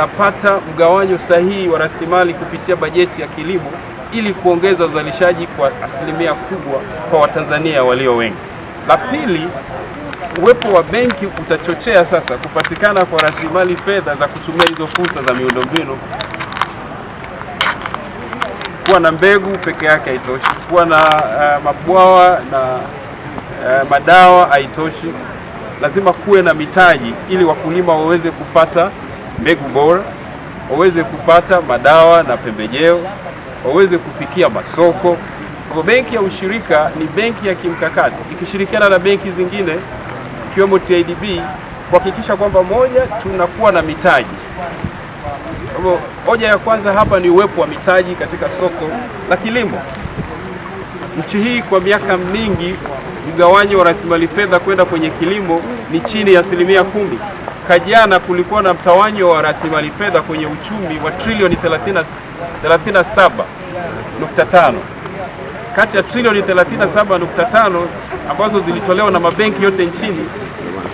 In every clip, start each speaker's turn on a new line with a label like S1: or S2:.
S1: wanapata mgawanyo sahihi wa rasilimali kupitia bajeti ya kilimo ili kuongeza uzalishaji kwa asilimia kubwa kwa Watanzania walio wengi. La pili, uwepo wa benki utachochea sasa kupatikana kwa rasilimali fedha za kutumia hizo fursa za miundombinu. Kuwa na mbegu peke yake haitoshi, kuwa na uh, mabwawa na uh, madawa haitoshi, lazima kuwe na mitaji ili wakulima waweze kupata mbegu bora, waweze kupata madawa na pembejeo, waweze kufikia masoko. Kwa benki ya ushirika ni benki ya kimkakati ikishirikiana na benki zingine ikiwemo TIDB kuhakikisha kwamba moja, tunakuwa na mitaji. Hoja ya kwanza hapa ni uwepo wa mitaji katika soko la kilimo. Nchi hii kwa miaka mingi mgawanyo wa rasilimali fedha kwenda kwenye kilimo ni chini ya asilimia kumi mwaka jana kulikuwa na mtawanyo wa rasilimali fedha kwenye uchumi wa trilioni 37.5 kati ya trilioni 37.5 ambazo zilitolewa na mabenki yote nchini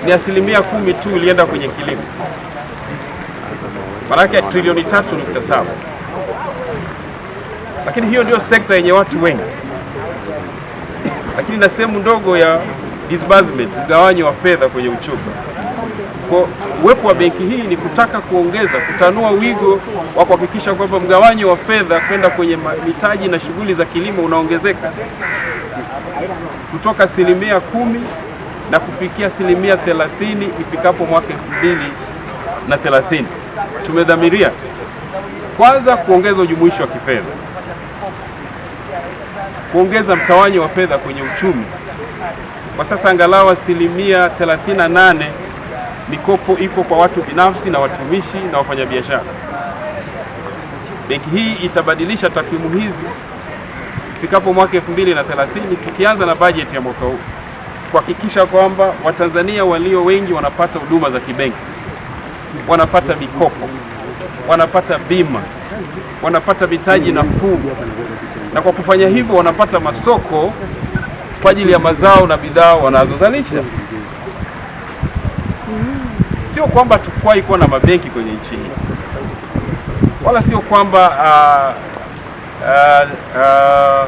S1: ni asilimia kumi tu ilienda kwenye kilimo, maanake trilioni 3.7. Lakini hiyo ndio sekta yenye watu wengi, lakini na sehemu ndogo ya disbursement, mgawanyo wa fedha kwenye uchumi. Kwa uwepo wa benki hii ni kutaka kuongeza, kutanua wigo wa kuhakikisha kwamba mgawanyo wa fedha kwenda kwenye mitaji na shughuli za kilimo unaongezeka kutoka asilimia kumi na kufikia asilimia thelathini ifikapo mwaka elfu mbili na thelathini. Tumedhamiria kwanza kuongeza ujumuishi wa kifedha, kuongeza mtawanyo wa fedha kwenye uchumi. Kwa sasa angalau asilimia 38 mikopo iko kwa watu binafsi na watumishi na wafanyabiashara. Benki hii itabadilisha takwimu hizi ifikapo mwaka thelathini tukianza na bajeti ya mwaka huu kuhakikisha kwamba Watanzania walio wengi wanapata huduma za kibenki, wanapata mikopo, wanapata bima, wanapata mitaji nafuu, na kwa kufanya hivyo wanapata masoko kwa ajili ya mazao na bidhaa wanazozalisha sio kwamba tukuwahi kuwa na mabenki kwenye nchi hii, wala sio kwamba uh, uh, uh,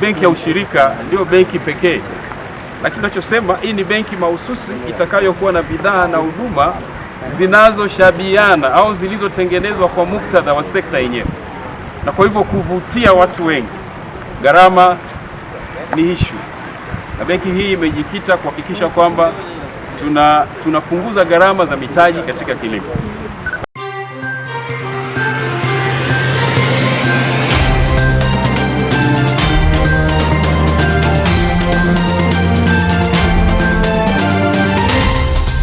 S1: benki ya ushirika ndio benki pekee, lakini tunachosema hii ni benki mahususi itakayokuwa na bidhaa na huduma zinazoshabiana au zilizotengenezwa kwa muktadha wa sekta yenyewe, na kwa hivyo kuvutia watu wengi. Gharama ni issue, na benki hii imejikita kuhakikisha kwamba tuna tunapunguza gharama za mitaji katika kilimo.